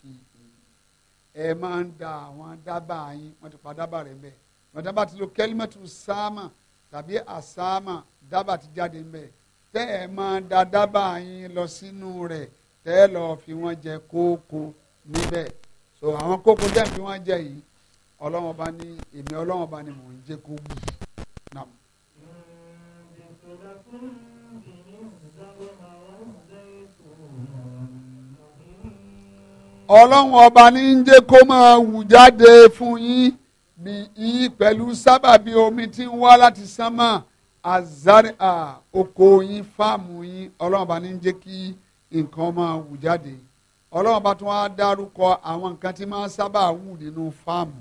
fi ẹ máa ń da àwọn dábàá yín wọ́n ti pa dábàá rẹ̀ mbẹ́ wọ́n dábàá ti lo kẹ́límẹ́tù sáàmà tàbí àsáàmà dábàá ti jáde mbẹ́ tẹ́ ẹ máa ń da dábàá yín lọ sínú rẹ̀ tẹ́ ẹ lọ́ọ́ fi wọ́n jẹ kókó níbẹ̀ so àwọn kókó tẹ́ fi wọ́n jẹ yìí ọlọ́wọ́n bá ní èmi ọlọ́wọ́n bá ní mò ń jẹ́ kó ọlọ́run ọba ní ń jẹ́ kó máa wù jáde fún yín bí yín pẹ̀lú sábàbí omi tí wá láti sánmà oko yín fáàmù yín ọlọ́run ọba ní ń jẹ́ kí nǹkan máa wù jáde ọlọ́run ọba tún wá dárúkọ àwọn nǹkan tí máa sábà wù nínú fáàmù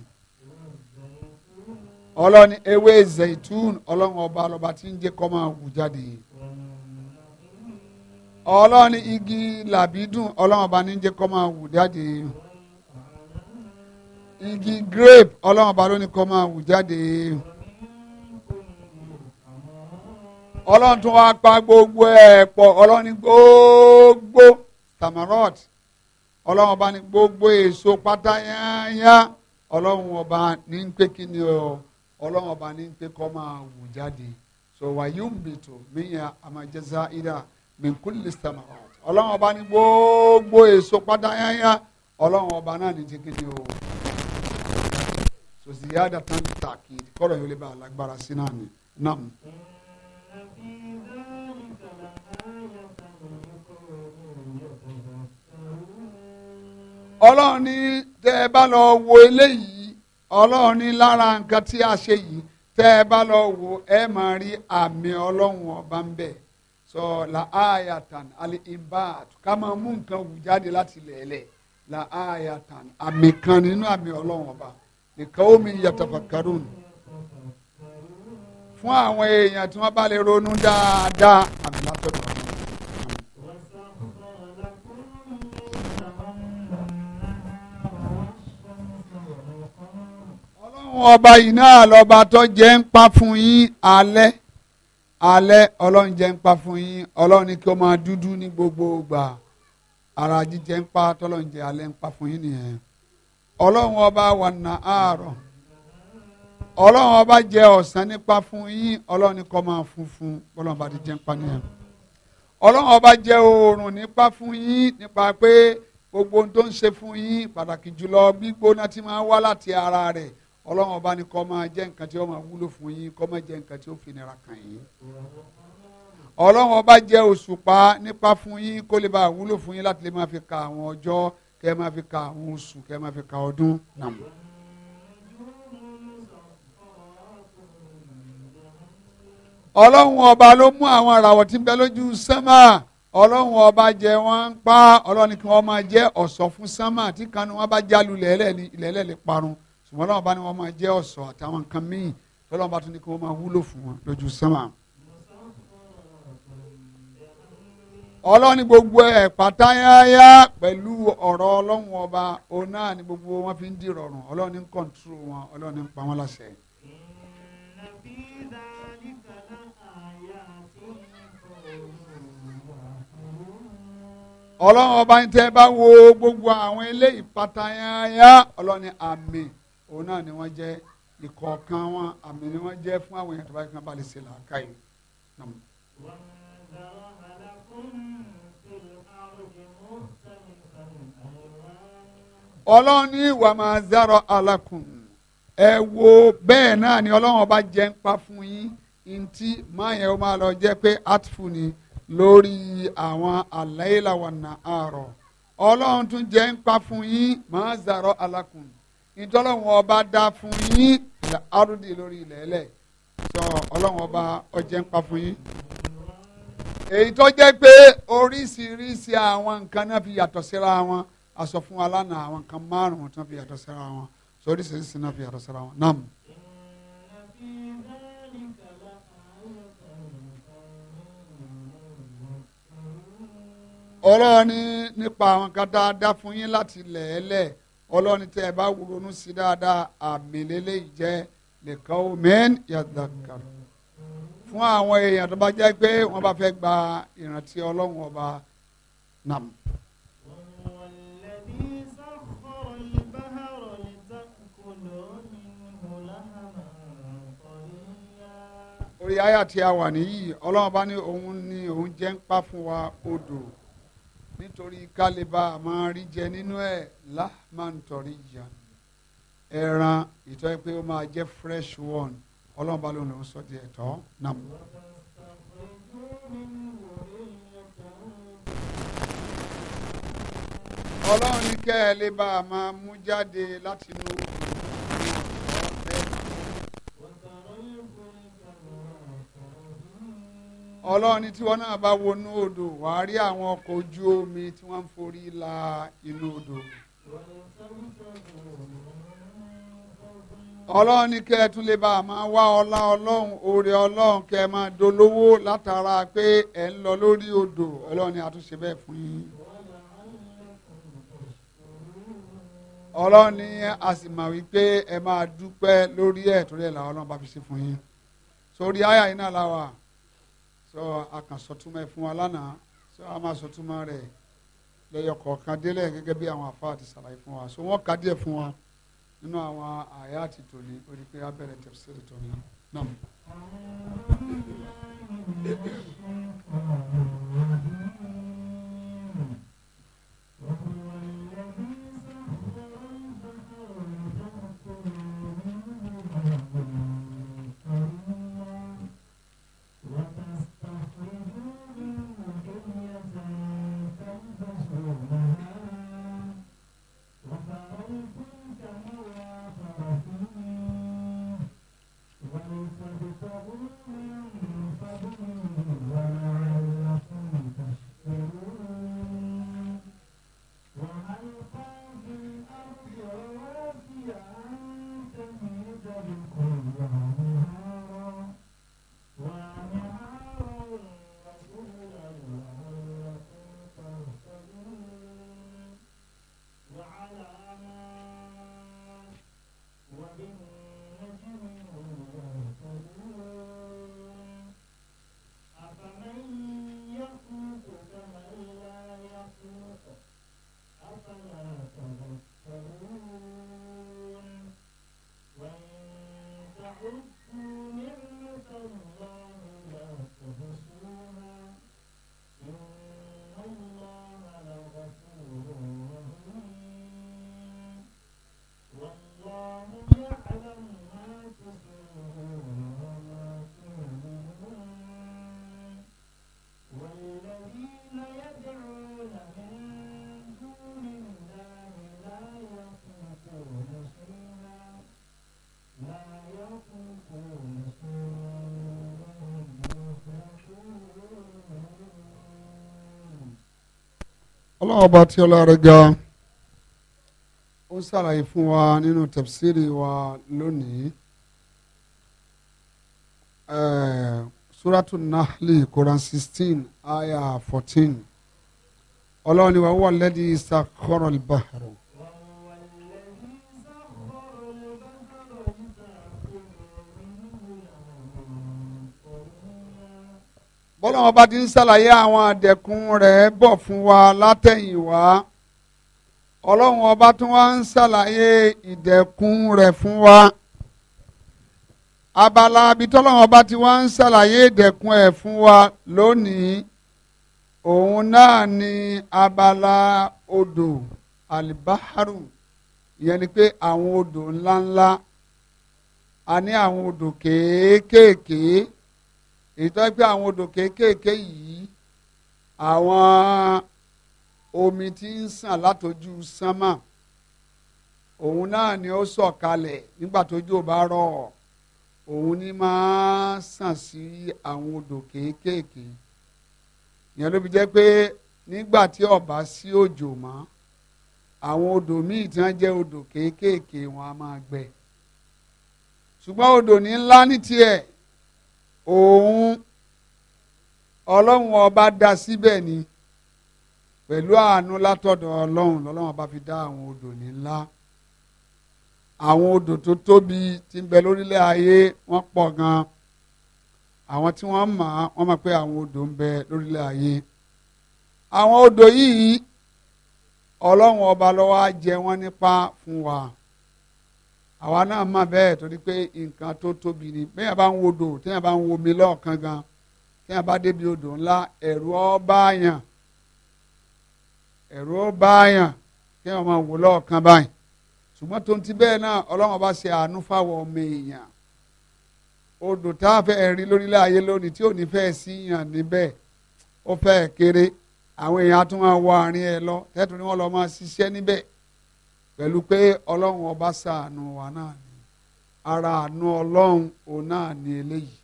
ọlọ́ni igi làbídùn ọlọ́run ọba ní jẹ́ kó máa wù jáde igi grape ọlọ́run ọba ló ní kó máa wù jáde ọlọ́run tún wáá pa gbogbo ẹ̀ pọ̀ ọlọ́run gbogbo tamarot ọlọ́run ọba ní gbogbo èso pátá yányá ọlọ́run ọba ní ń pé kí ni ọ ọlọ́run ọba ní ń pé kó máa wù jáde sọ wàyí ń bìtò míyàn àmàjẹsà ìdá. minkun lè sàmà ọlọ́run ọba ní gbogbo èso pátá ọlọ́run ọba náà ní ti o sòsì yá dàtàn tàkì kọ́rọ̀ yóò lè bá alágbára sí náà ní nam. ọlọ́run ní tẹ́ ẹ bá lọ wo eléyìí ọlọ́run ní lára nǹkan tí a ṣe yìí tẹ́ ẹ bá lọ wo ẹ máa rí àmì ọlọ́run ọba ń bẹ̀ẹ́ so la tan ali imbat ká máa mú nǹkan wù jáde láti lẹ̀ẹ́lẹ̀ la ayatan àmì kan nínú àmì ọlọ́run ọba nìkan omi yatafakkarun fún àwọn èèyàn tí wọ́n bá lè ronú dáadáa àmì látọ̀dọ̀ ọ̀hún. ọlọ́run ọba yìí náà lọ́ba tó jẹ́ ń pa fún yín alẹ́ alẹ́ ọlọ́run jẹ́ ń pa fún yín ọlọ́run ní kí ó máa dúdú ní gbogbo ìgbà ara jíjẹ ń pa tọ́lọ́run jẹ́ alẹ́ ń pa fún yín nìyẹn ọlọ́run ọba wà nà áàrọ̀ ọlọ́run ọba jẹ́ ọ̀sán nípa fún yín ọlọ́run ní kó máa funfun ọlọ́run bá ti jẹ́ ń pa nìyẹn ọlọ́run ọba jẹ́ oòrùn nípa fún yín nípa pé gbogbo ohun tó ń ṣe fún yín pàtàkì jùlọ gbígbóná tí máa wá láti ara rẹ̀ ọlọ́run ọba ni kó máa jẹ́ nǹkan tí ó máa wúlò fún yín kó máa jẹ́ nǹkan tí ó fi nira kàn yín ọlọ́run ọba jẹ́ òṣùpá nípa fún yín kó lè bá wúlò fún yín láti lè máa fi ka àwọn ọjọ́ kẹ́ ẹ máa fi ka àwọn oṣù kẹ́ máa fi ka ọdún nàmú. ọlọ́run ọba ló mú àwọn àràwọ̀ tí ń bẹ lójú sánmà ọlọ́run ọba jẹ wọ́n ń pa ọlọ́run kí wọ́n máa jẹ́ ọ̀ṣọ́ fún sánmà tí kanu wọn bá jálù lẹ́lẹ́ ní lè parun ṣùgbọ́n ọlọ́run bá ní máa jẹ́ àtàwọn nǹkan míì tọ́lọ́run bá tún ní kí wọ́n máa fún wọn lójú sánmà. ọlọ́run gbogbo ẹ̀ pátáyáyá pẹ̀lú ọ̀rọ̀ ọlọ́run ọba òun náà ní gbogbo fi ń dìrọ̀rùn ọlọ́run ń kọ̀ǹtúrò wọn ń pa wọn láṣẹ. ọlọ́run gbogbo àwọn eléyìí pátáyáyá òun náà ni wọ́n jẹ́ ìkọ̀ọ̀kan wọn àmì ni wọ́n jẹ́ fún àwọn èèyàn tó bá kí wọ́n bá lè ṣe làákàyè. ọlọ́run ní ìwà máa zárọ̀ alákùn ẹ wo bẹ́ẹ̀ náà ni ọlọ́run ọba jẹ́ ń pa fún yín ntí máa yẹn ó máa lọ jẹ́ pé atfu ni lórí àwọn àlàyé làwọn àárọ̀ ọlọ́run tún jẹ́ ń pa fún yín máa zárọ̀ alákùn ìtọ́lọ́wọ́n ọba dá fún yín arúndì lórí ilẹ̀ ẹlẹ̀ sọ ọlọ́wọ́n ọba ọjẹ́ ń pa fún yín. èyí tó jẹ́ pé oríṣiríṣi àwọn nǹkan náà fi yàtọ̀ síra wọn a sọ fún wa lánàá àwọn nǹkan márùn-ún tó fi yàtọ̀ síra wọn oríṣiríṣi náà fi yàtọ̀ síra wọn náà. ọlọ́run nípa àwọn kan tá a dá fún yín láti lẹ̀ẹ́lẹ̀ ọlọ́ni tẹ́ ẹ bá ronú sí dáadáa àmì lélẹ́yìí jẹ́ nìkan omen yàtàkàrọ̀ fún àwọn èèyàn tó bá jẹ́ pé wọ́n bá fẹ́ gba ìrántí ọlọ́run ọba nàm. orí àyà tí a wà ọlọ́run bá ní òun ní òun jẹ́ ń pa fún wa odò nítorí kálíbà máa rí jẹ nínú ẹ̀ lá máa ń tọrí jà ẹran ìtọ́ ẹ pé ó máa jẹ́ fresh one ọlọ́run bá lóun lòún sọ di ẹ̀tọ́ náà. ọlọ́run ní kẹ́ ẹ lè bá a máa mú jáde látinú ọlọ́run ní tiwọn náà bá wọnú odò wàá rí àwọn ọkọ̀ ojú omi tí wọ́n ń forí la inú odò. ọlọ́run ní kẹ́ ẹ tún lè bá a máa wá ọlá ọlọ́run oore ọlọ́run kẹ́ ẹ máa dolówó látara pé ẹ̀ ń lọ lórí odò ọlọ́run ní àtúnṣe bẹ́ẹ̀ fún yín. ọlọ́run ní a sì mà wípé ẹ máa dúpẹ́ lórí ẹ̀ torí ẹ̀ làwọn ọlọ́run bá fi ṣe fún yín. sórí àyà yìí náà la wà. sọ a kan sọtúmọ̀ ẹ̀ fún wa lánàá sọ a máa sọtúmọ̀ rẹ̀ lẹ́yọkọ̀ọ̀kan délẹ̀ gẹ́gẹ́ bí àwọn àfáà ti ṣàlàyé fún wa so wọ́n ka díẹ̀ fún wa nínú àwọn àyà àti tòní onípe abẹ́rẹ́ tẹ̀síìrì tòní náà. ọlọ́run ọba tí ọlọ́run ga ó ṣàlàyé fún wa nínú tafsiri wa lónìí suratu nahli quran sixteen aya fourteen ọlọ́run ni wàá wà lẹ́dí sakhara al ọlọ́run ọba ti ń ṣàlàyé àwọn àdẹ̀kùn rẹ̀ bọ̀ fún wa látẹ̀yìnwá ọlọ́run ọba tún wá ń ṣàlàyé ìdẹ̀kùn rẹ̀ fún wa abala abitọ́lọ́run ọba ti wá ń ṣàlàyé ìdẹ̀kùn ẹ̀ fún wa lónìí òun náà ni abala odò alibaharu ìyẹn ni pé àwọn odò ńláńlá a ní àwọn odò kéékèèké. Ke, ke, ke ìtọ́ pé àwọn odò kéékèèké yìí àwọn omi tí ń sàn látojú sánmà òun náà ni ó kalẹ̀ nígbà tójò bá rọ̀ òun ni máa sàn sí àwọn odò kéékèèké ìyẹn ló fi jẹ́ pé nígbà tí sí òjò mọ́ àwọn odò míì tí wọ́n jẹ́ odò kéékèèké wọn a máa gbẹ ṣùgbọ́n òun ọlọ́run ọba dá síbẹ̀ ni pẹ̀lú àánú látọ̀dọ̀ ọlọ́run lọ́lọ́run ọba fi dá àwọn odò ní ńlá àwọn odò tó tóbi tí ń bẹ lórílẹ̀ ayé wọ́n pọ̀ gan àwọn tí wọ́n mọ̀ wọ́n mọ̀ pé àwọn odò ń bẹ lórílẹ̀ ayé àwọn odò yìí ọlọ́run ọba ló wá jẹ wọ́n nípa fún wa àwa náà mọ̀ bẹ́ẹ̀ torí pé nǹkan tó tóbi ni bẹ́ẹ̀ bá ń wo odò téèyàn bá ń wo omi lọ́ọ̀kan gan téèyàn bá débi odò ńlá ẹ̀rù ọba àyàn ẹ̀rù ọba àyàn téèyàn máa wò lọ́ọ̀kan báyìí ṣùgbọ́n tó ń ti bẹ́ẹ̀ náà ọlọ́run bá ṣe àánú fáwọn ọmọ èèyàn odò tá a fẹ́ rí lórílẹ̀ ayé lónìí tí ò ní fẹ́ sí yàn níbẹ̀ ó fẹ́ kéré àwọn èèyàn á tún máa wọ àárín ẹ lọ tẹ́tù ni wọ́n lọ máa ṣiṣẹ́ níbẹ̀ pẹ̀lú pé ọlọ́run ọba ṣàánú wa náà ni ara àánú ọlọ́run òun náà ni eléyìí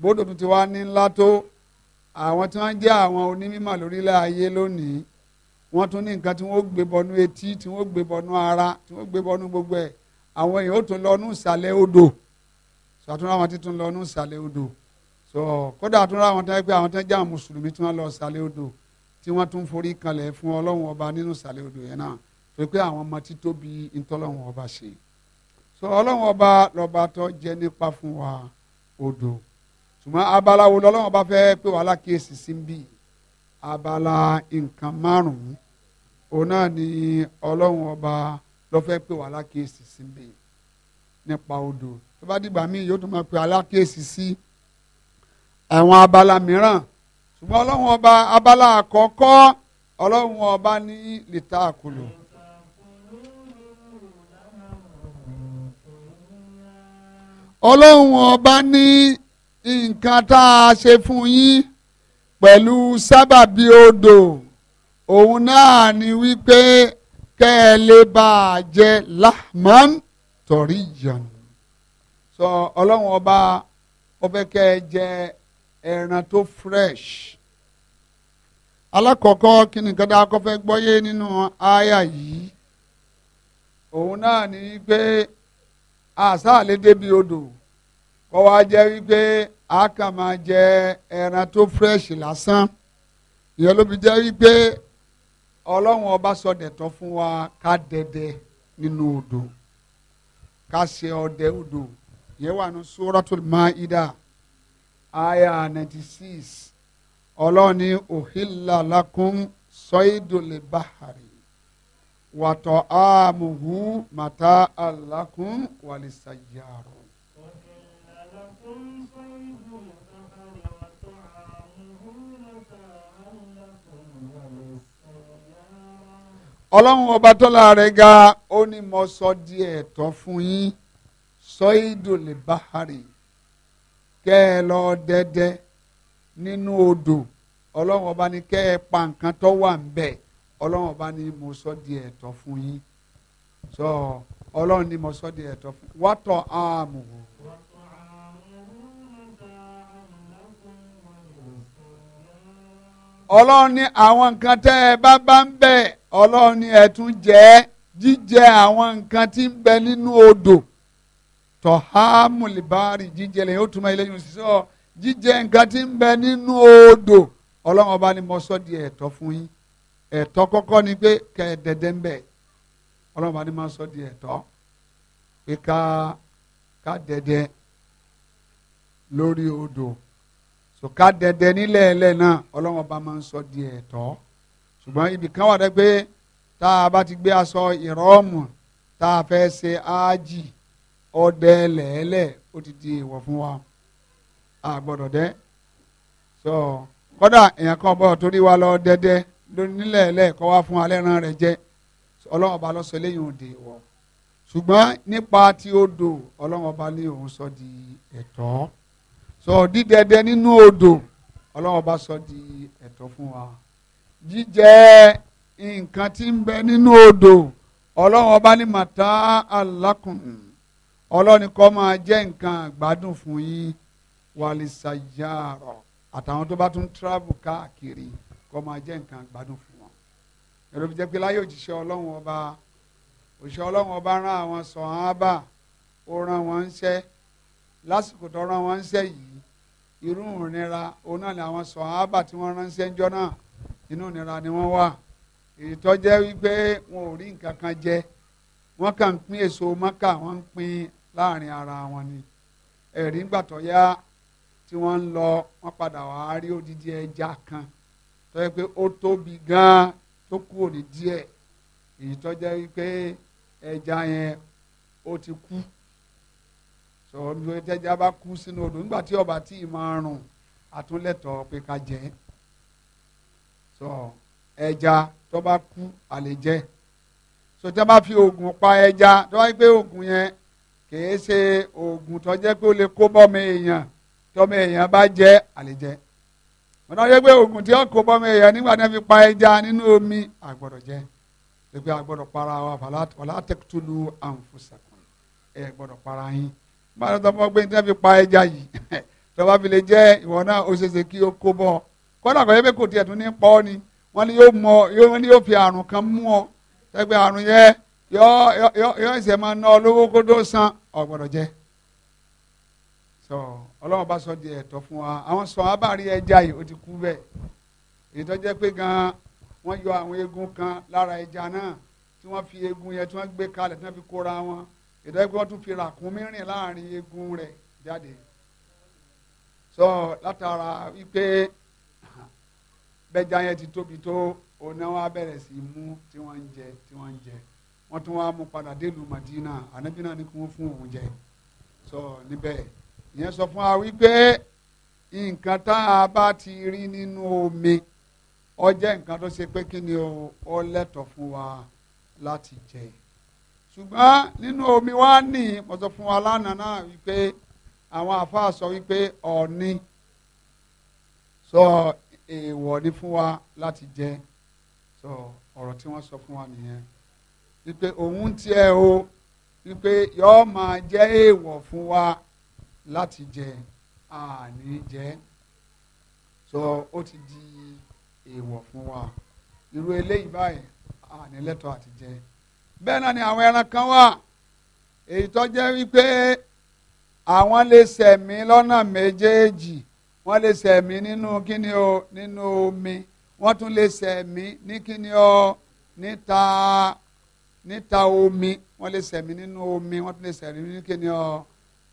bódò tó ti wá ní ńlá tó àwọn tí wọ́n jẹ́ àwọn onímọ̀ lórílẹ̀ ayé lónìí wọ́n tún ní nǹkan tí wọ́n gbé bọnú etí tí wọ́n gbé bọnú ara tí wọ́n gbé bọnú gbogbo ẹ̀ àwọn èèyàn ó tún lọ ní ìsàlẹ̀ odò sàtúnra wọn ti tún lọ ní ìsàlẹ̀ odò sọ kódà àtúnra wọn tán pé àwọn tán jẹ́ àwọn mùsùlùmí tí wọ́n lọ ìsàlẹ̀ odò tí wọ́n tún forí kanlẹ̀ fún ọlọ́run ọba nínú ìsàlẹ̀ odò yẹn náà pé àwọn ọmọ títóbi ntọ́lọ́wọ́n ọba ṣe so ọlọ́wọ́n ọba lọ́ba tó jẹ́ nípa fún wa odò ṣùgbọ́n abala wo lọ́lọ́wọ́n ọba fẹ́ pé wàhálà kíyèsí sí ń abala nǹkan márùn-ún òun náà ni ọlọ́wọ́n ọba lọ́fẹ́ pé wàhálà kíyèsí sí ń bì nípa odò tó bá dìgbà míì yóò tún máa pe alákíyèsí sí àwọn abala mìíràn ṣùgbọ́n ọlọ́run ọba abala àkọ́kọ́ ọlọ́run ọba ní lìtàkùlù. Mm -hmm. ọlọ́run ọba ní nǹkan tá a ṣe fún yín pẹ̀lú sábàbí odò òun náà ni wípé kẹ́ ẹ lè bá a jẹ lahman torí ìyàn sọ ọlọ́run ọba ó fẹ́ kẹ́ ẹ jẹ ẹran tó fresh alákọ̀ọ́kọ́ kí nìkan dá akọ́fẹ́ gbọ́yé nínú àyà yìí òun náà ni wípé àsáàlè débi odò kọ́ wa jẹ́ wípé a kàn máa jẹ ẹran tó fírẹ́ṣì lásán ìyẹn ló fi jẹ́ wípé ọlọ́run ọba sọ dẹ̀tọ́ fún wa ká dẹdẹ nínú odò ká ṣe ọdẹ odò ìyẹn wà ní Suratul Maida aya ninety six ọlọ́run ní òhìlá lakum sọ́ídùlẹ̀ báhàrì wàtọ̀ àmùhù màtá àlàkùn wàlìsàyàrò. ọlọ́run ọba tọ́lá rẹ̀ ga ó ní mo sọ di ẹ̀tọ́ fún yín sọ́ídò lè báhárì kẹ́ ẹ lọ dẹ́dẹ́ nínú odò ọlọ́run ọba ní kẹ́ ẹ pa nǹkan tó wà ń ọlọ́run bá ní mo sọ di ẹ̀tọ́ fún yín sọ ọlọ́run ní mo sọ di ẹ̀tọ́ fún yín wàtọ̀ ààmù. ọlọ́run ní àwọn nǹkan tẹ́ ẹ bá bá ń bẹ̀ ọlọ́run ní ẹ tún jíjẹ àwọn nǹkan tí ń bẹ nínú odò tọ̀hámù lìbárì jíjẹ lẹ́yìn ó túmọ̀ ilé yìí sísọ jíjẹ nǹkan tí ń bẹ nínú odò ọlọ́run ọba ni mo sọ di ẹ̀tọ́ fún yín ẹ̀tọ́ kọ́kọ́ ni pé kẹ́ ẹ dẹ́dẹ́ ń bẹ̀ ọlọ́run bá ní máa sọ di ẹ̀tọ́ pé ká ká dẹ́dẹ́ lórí odò so ká dẹ́dẹ́ nílẹ̀ ẹlẹ́ náà ọlọ́run bá máa sọ di ẹ̀tọ́ ṣùgbọ́n ibì kan wà dẹ́ pé tá a bá ti gbé aṣọ ìrọ́ọ̀mù tá a fẹ́ ṣe áájì ọdẹ lẹ́ẹ̀lẹ́ ó ti di èèwọ̀ fún wa a gbọ́dọ̀ dẹ́ so kódà èèyàn kan bọ̀ torí wa lọ dẹ́dẹ́. nílẹ̀ ẹlẹ́ẹ̀kọ́ wá fún alẹ́ran rẹ̀ jẹ́ ọlọ́run ọba ló sọ eléyìí òde wọ̀ ṣùgbọ́n nípa tí odò ọlọ́run ọba ní òun sọ di ẹ̀tọ́ sọ dídẹdẹ nínú odò ọlọ́run ọba sọ di ẹ̀tọ́ fún wa jíjẹ nǹkan tí ń nínú odò ọlọ́run ọba ní màtá ọlọ́run kọ́ máa jẹ́ nǹkan àgbádùn fún yín àtàwọn kọ́ máa jẹ́ nǹkan gbádùn fún wọn. èrò fi jẹ́ pé láyé òjíṣẹ́ ọlọ́run ọba òjíṣẹ́ ọlọ́run ọba rán àwọn sọ̀hábà ó rán wọn ń ṣẹ́ lásìkò tó rán wọn ń ṣẹ́ yìí irú ìnira òun náà ni àwọn sọ̀hábà tí wọ́n ránṣẹ́ ńjọ́ náà inú ìnira ni wọ́n wà èyí jẹ́ wípé wọn ò rí nǹkan kan jẹ wọ́n kàn pín èso mọ́kà wọ́n ń pín láàrin ara wọn ni ẹ̀rí ńgbà yá tí wọ́n ń lọ wọ́n padà wá rí odidi ẹja kan tó yẹ pé ó tóbi gan tó kú òní díẹ̀ èyí tó jẹ́ wípé ẹja yẹn ó ti kú sọ̀rọ̀ ní ẹja bá kú sínú odò nígbà tí ọba tí ì máa rùn àtúnlẹ̀tọ̀ pé ká jẹ́ sọ ẹja tó bá kú àlè jẹ́ so tí a bá fi oògùn pa ẹja tó bá gbé oògùn yẹn kìí ṣe oògùn tó jẹ́ pé ó lè kó bọ́mọ èèyàn tọ́mọ èèyàn bá jẹ́ àlè jẹ́ ọ̀nà yẹ pé oògùn tí ọkọ̀ bọ́mọ èèyàn nígbà tí wọ́n fi pa ẹja nínú omi àgbọ̀dọ̀ jẹ́ pé àgbọ̀dọ̀ para wa wàlá tẹ́kítúlù àǹfọ̀sàkùn ẹ̀ gbọ́dọ̀ para yín nígbà tí wọ́n gbé tí wọ́n fi pa ẹja yìí tọ́ba fi lè jẹ́ ìwọ náà ó ṣeéṣe kí ó kó bọ́ kọ́dà kọ́ yẹ pé kò tiẹ̀ tún ní pọ́ ni wọ́n ní yóò mọ wọ́n fi àrùn kan mú ọ tẹ́gbẹ́ àrùn yẹ yọ yọ máa ná ọ lówó kó tó san ọ̀gbọ̀dọ̀ jẹ́ sọ ọlọ́run bá sọ di ẹ̀tọ́ fún wa àwọn sọ abárí ẹja yìí ó ti kú bẹ́ẹ̀ èyí tó jẹ́ pé gan-an wọ́n yọ àwọn eegun kan lára ẹja náà tí wọ́n fi eegun yẹn tí wọ́n gbé kalẹ̀ tí wọ́n fi kóra wọn èyí tó jẹ́ pé wọ́n tún fi ràkúnmí rìn láàrin eegun rẹ̀ jáde sọ látara wípé bẹ́jà yẹn ti tóbi tó òun náà bẹ̀rẹ̀ sí í mú tí wọ́n ń jẹ tí wọ́n ń jẹ wọ́n tún wá mú padà délùú Madina ànábì náà ní kí wọ́n fún òun jẹ sọ níbẹ̀. So, ìyẹn sọ fún wa wípé nǹkan tá a bá ti rí nínú omi ó jẹ́ nǹkan tó ṣe pé kí ni o ó lẹ́tọ̀ọ́ fún wa láti jẹ ṣùgbọ́n nínú omi wa ní mo sọ fún wa lánàá náà wípé àwọn àfáà sọ wípé ọ̀ọ́ni sọ èèwọ̀ ni fún wa láti jẹ sọ ọ̀rọ̀ tí wọ́n sọ fún wa nìyẹn wípé òun tiẹ̀ o wípé yọ́ọ́ máa jẹ́ èèwọ̀ fún wa láti jẹ àní jẹ sọ ó ti di èèwọ̀ fún wa irú eléyìí báyìí àní lẹ́tọ̀ọ́ àti jẹ bẹ́ẹ̀ náà ni àwọn ẹran kan wà èyí tó jẹ́ wípé àwọn lè sẹ̀mí lọ́nà méjèèjì wọ́n lè sẹ̀mí nínú kíni o nínú omi wọ́n tún lè sẹ̀mí ní kíni o níta níta omi wọ́n lè sẹ̀mí nínú omi wọ́n tún lè sẹ̀mí ní kíni o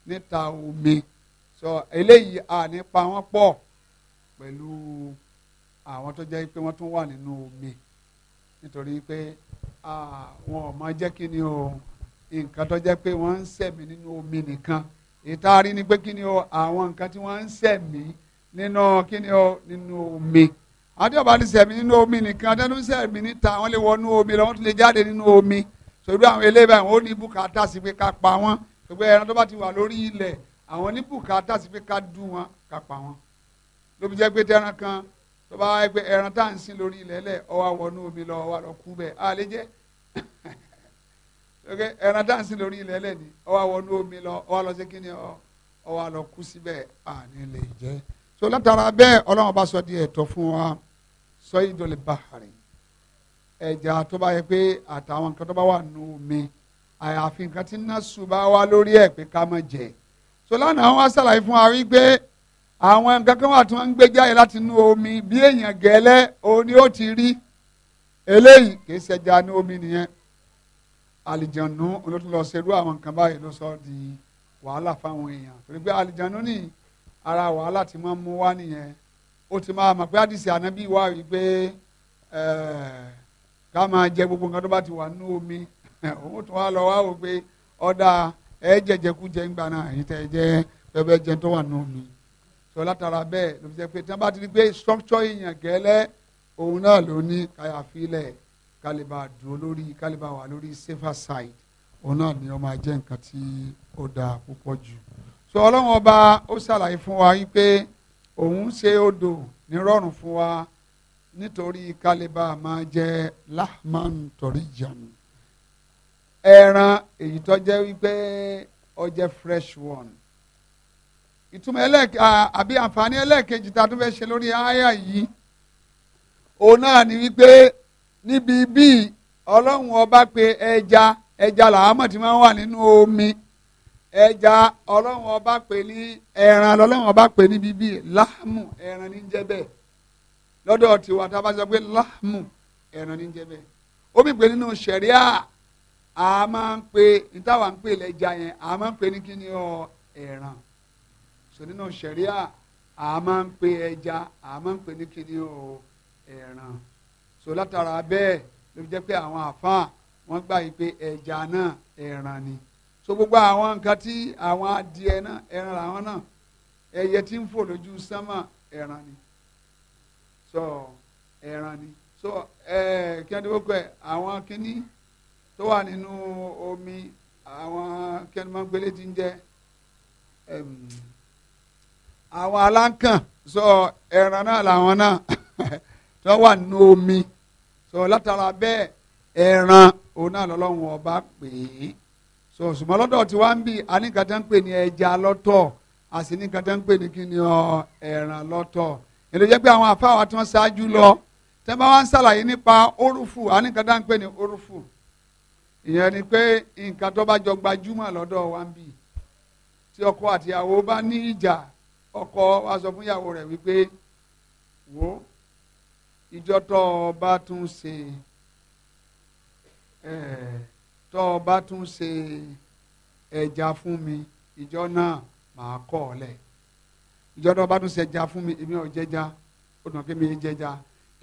níta omi sọ eléyìí àní pa wọ́n pọ̀ pẹ̀lú àwọn tó jẹ́ pé wọ́n tún wà nínú omi nítorí pé wọn ò máa jẹ́ kí ni o nǹkan tó jẹ́ pé wọ́n ń sẹ̀mí nínú omi nìkan ìtaari ni pé kí ni o àwọn nǹkan tí wọ́n ń sẹ̀mí nínú kí ni o nínú omi àwọn tí wọ́n bá ti sẹ̀mí nínú omi nìkan tí wọ́n ti sẹ̀mí níta wọ́n lè wọnú omi lọ́wọ́ tó lè jáde nínú omi sọ̀rọ̀ àwọn eléyìí báyìí wọ́n ó ní bùkátà sí pé ká pa wọ́n gbogbo ẹran tó bá ti wà lórí ilẹ̀ àwọn ní bùkátà sí pé ká dú wọn ká pa wọn ló fi jẹ́ pé tẹran kan tó bá wáyé pé ẹran tá à ń sin lórí ilẹ̀ lẹ̀ ó wọnú omi lọ ó lọ kú bẹ́ẹ̀ á jẹ́ ẹran tá à ń sin lórí ilẹ̀ lẹ̀ ni ó wá wọnú omi lọ ó wá lọ sí kí ni ó wá lọ kú síbẹ̀ à ní lè jẹ́ so látara bẹ́ẹ̀ ọlọ́run bá sọ di ẹ̀tọ́ fún wa sọ ìdọ̀lẹ̀ bàárẹ̀ ẹja tó bá yẹ pé àtàwọn nǹkan tó bá wà nù mí àyàfi nǹkan tí násù bá wá lórí ẹ̀ pé ká má jẹ so lánàá wọn ṣàlàyé fún wa wípé àwọn nǹkan kan wà tí wọ́n ń gbé jáde láti inú omi bí èèyàn gẹ́lẹ́ òun ni ó ti rí eléyìí kìí ṣẹja ní omi nìyẹn àlìjànú olótú lọ ṣerú àwọn nǹkan báyìí ló sọ di wàhálà fáwọn èèyàn torí pé àlìjànú ní ara wàhálà tí wọ́n mú wá nìyẹn ó ti máa mọ̀ pé àdìsí ànábì wá wípé ká máa jẹ gbogbo nǹkan tó bá ti wà nínú omi òun tó wá lọ wá wò pé ọ̀dà ẹ jẹjẹkújẹ ń gbaná ẹ̀yin tẹ jẹ bẹbẹ jẹ tó wà nù mí sọ látara bẹ́ẹ̀ ló fi jẹ pé tí wọn bá ti di pé structure yìnyẹn gẹ́lẹ́ òun náà ló ní káyàfilẹ̀ kálíbà dúró lórí kálíbà wà lórí safer side òun náà ni ó máa jẹ́ nǹkan tí ó dáa púpọ̀ jù sọ ọlọ́run ọba ó ṣàlàyé fún wa wípé òun ṣe odò nírọ̀rùn fún wa nítorí kálíbà máa jẹ́ lahman torí jàǹdù ẹran èyí tó jẹ́ wípé ó jẹ́ fresh one ìtumọ̀ ẹlẹ́ẹ̀kẹ́ àbí àǹfààní ẹlẹ́ẹ̀kejì tá a tún fẹ́ ṣe lórí àyà yìí òun náà ni wípé níbi bíi ọlọ́run ọba pé ẹja ẹja làámọ̀ tí máa wà nínú omi ẹja ọlọ́run ọba pè ní ẹran lọ́lọ́run ọba pè níbi bíi láàmù ẹran ní jẹ́ bẹ́ẹ̀ lọ́dọ̀ tiwa tá a bá sọ pé láàmù ẹran ní jẹ́ bẹ́ẹ̀ omi pè nínú ṣẹ̀ríà a máa ń pe ìtawà ń pè lẹ́ja yẹn a máa ń pe ní kíni ọ ẹ̀ràn so nínú sẹ̀ríà a máa ń pe ẹja a máa ń pe ní kíni ọ ẹ̀ràn so látara bẹ́ẹ̀ ló fi jẹ́ pé àwọn àfáà wọ́n gbà yí pé ẹja náà ẹ̀ràn ni so gbogbo àwọn nǹkan tí àwọn adìẹ náà ẹran làwọn náà ẹyẹ tí ń fò lójú sánmà ẹran ni so ẹran ni so ẹ kí wọ́n ti wọ́n àwọn kínní tó wà nínú omi àwọn kẹnumọ́gbélé ti ń jẹ́ àwọn aláǹkàn sọ ẹran náà làwọn náà tó wà nínú omi sọ látara bẹ́ẹ̀ ẹran òun náà lọ́lọ́run ọba pè é so ṣùgbọ́n lọ́dọ̀ tí wàá ń bì á ní nǹkan tó ń pè ní ẹja lọ́tọ̀ a sì ní nǹkan tó ń pè ní kíni ọ ẹran lọ́tọ̀ èdè jẹ́ pé àwọn àfáà tí wọ́n ṣáájú lọ tẹ́ bá wá ń ṣàlàyé nípa orúfù á ní nǹkan ń pè ní orúfù ìyẹn ni pé nǹkan tó bá jọ gbajúmọ̀ lọ́dọ̀ wa ń bì tí ọkọ àtìyàwó bá ní ìjà ọkọ wa sọ fún ìyàwó rẹ̀ wípé wo ìjọ tó o bá tún ṣe ẹ̀ tó o bá tún ṣe ẹja fún mi ìjọ náà màá kọ̀ ọ́ lẹ̀ ìjọ tó o bá tún ṣe ẹja fún mi èmi ò jẹja ó dùn kí mi jẹja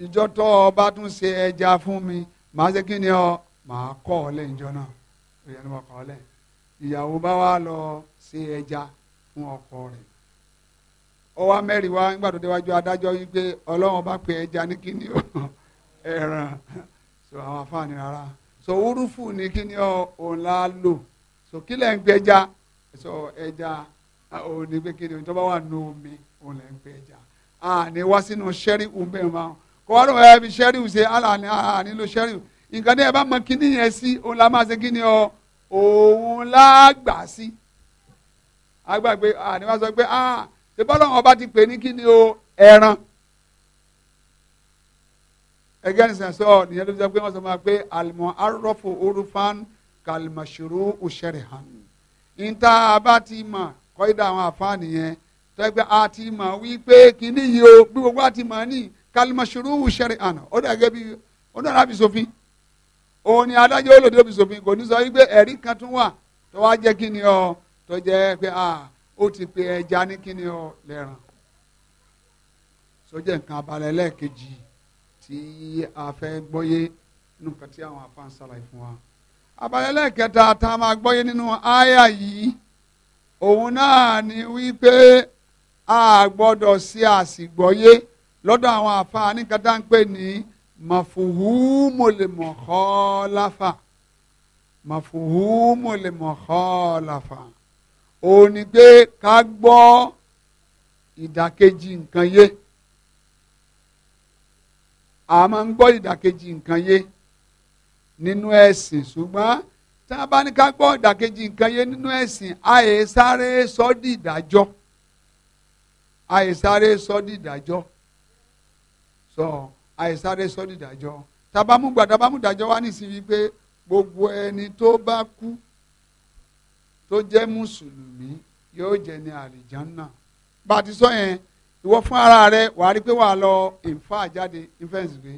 ìjọ tó o bá tún ṣe ẹja fún mi màá ṣe kí ni ọ màá kọ́ ọ lẹ́yìn jọ náà òye ni mo kọ́ ọ lẹ́yìn ìyàwó bá wá lọ ṣe ẹja fún ọkọ rẹ̀ ó wá mẹ́rin wá nígbà tó déwájú adájọ́ wípé ọlọ́run bá pe ẹja ní kíni o ẹran so àwọn afáàní rárá so wúrúfù ní kíni o òun la lò so kí lẹ́ ń gbẹ́ja so ẹja òun ní pé kíni o tó bá wà nù omi òun lẹ́ ń gbẹ́ja àní wá sínú sẹ́ríù bẹ́ẹ̀ máa kọ́ wá lóun ẹ̀ fi sẹ́ríù ṣe àlàní ànílò sẹ́ríù nǹkan tẹ́ ẹ bá mọ kíní yẹn sí òun la máa ṣe kíní ọ òun la gbà sí. agbàgbé àníwá sọ pé ah ṣe bọ́lá ọba ti pè ní kíní o ẹran. ẹgẹ́ nìṣẹ́ sọ nìyẹn ló sọ pé wọ́n sọ máa pé àlùmọ́ arọ́fò orúfán kàlùmọ̀ṣòro òṣèré hàn. níta bá ti mọ̀ kọ́ ìdá àwọn àfáàní yẹn tẹ́gbẹ́ a ti mọ̀ wípé kíní yìí o bí gbogbo a mọ̀ ní kàlùmọ̀ṣòro òṣèré hàn ó dàgẹ́ bí ó dàgẹ́ bí sófin òun ni adájọ́ olóde òbí kò ní sọ wípé ẹ̀rí kan tún wà tó wá jẹ́ kí ni ọ tó jẹ́ pé a ó ti pe ẹja ní kí ni ọ lẹ́ràn sójà nǹkan abalẹ̀ lẹ́ẹ̀kejì tí a fẹ́ gbọ́yé nínú nǹkan tí àwọn afáàn ṣàlàyé fún wa abalẹ̀ lẹ́ẹ̀kẹta tá a máa gbọ́yé nínú àyà yìí òun náà ni wípé a gbọ́dọ̀ sí àsìgbọ́yé lọ́dọ̀ àwọn afáàn nǹkan ni à ń màfùhùmọ̀lẹ̀mọ̀kọ́láfà màfùhùmọ̀lẹ̀mọ̀kọ́láfà òun ni pé ká gbọ́ ìdàkejì nǹkan yé a máa ń gbọ́ ìdàkejì nǹkan yé nínú ẹ̀sìn ṣùgbọ́n tá a bá ní ká gbọ́ ìdàkejì nǹkan yé nínú ẹ̀sìn àyè sáré sọ ìdájọ́ àyè sáré sọ ìdájọ́ sọ. So, àìsáré sọ́dí ìdájọ́ tabamugba tabamudajọ́ wa nísìnyí pé gbogbo ẹni tó bá kú tó jẹ́ mùsùlùmí yóò jẹ́ ní àlìjánná bá a ti sọ yẹn ìwọ fún ara rẹ wàá rí pé wàá lọ ìfá jáde ìfẹ́ǹsì pé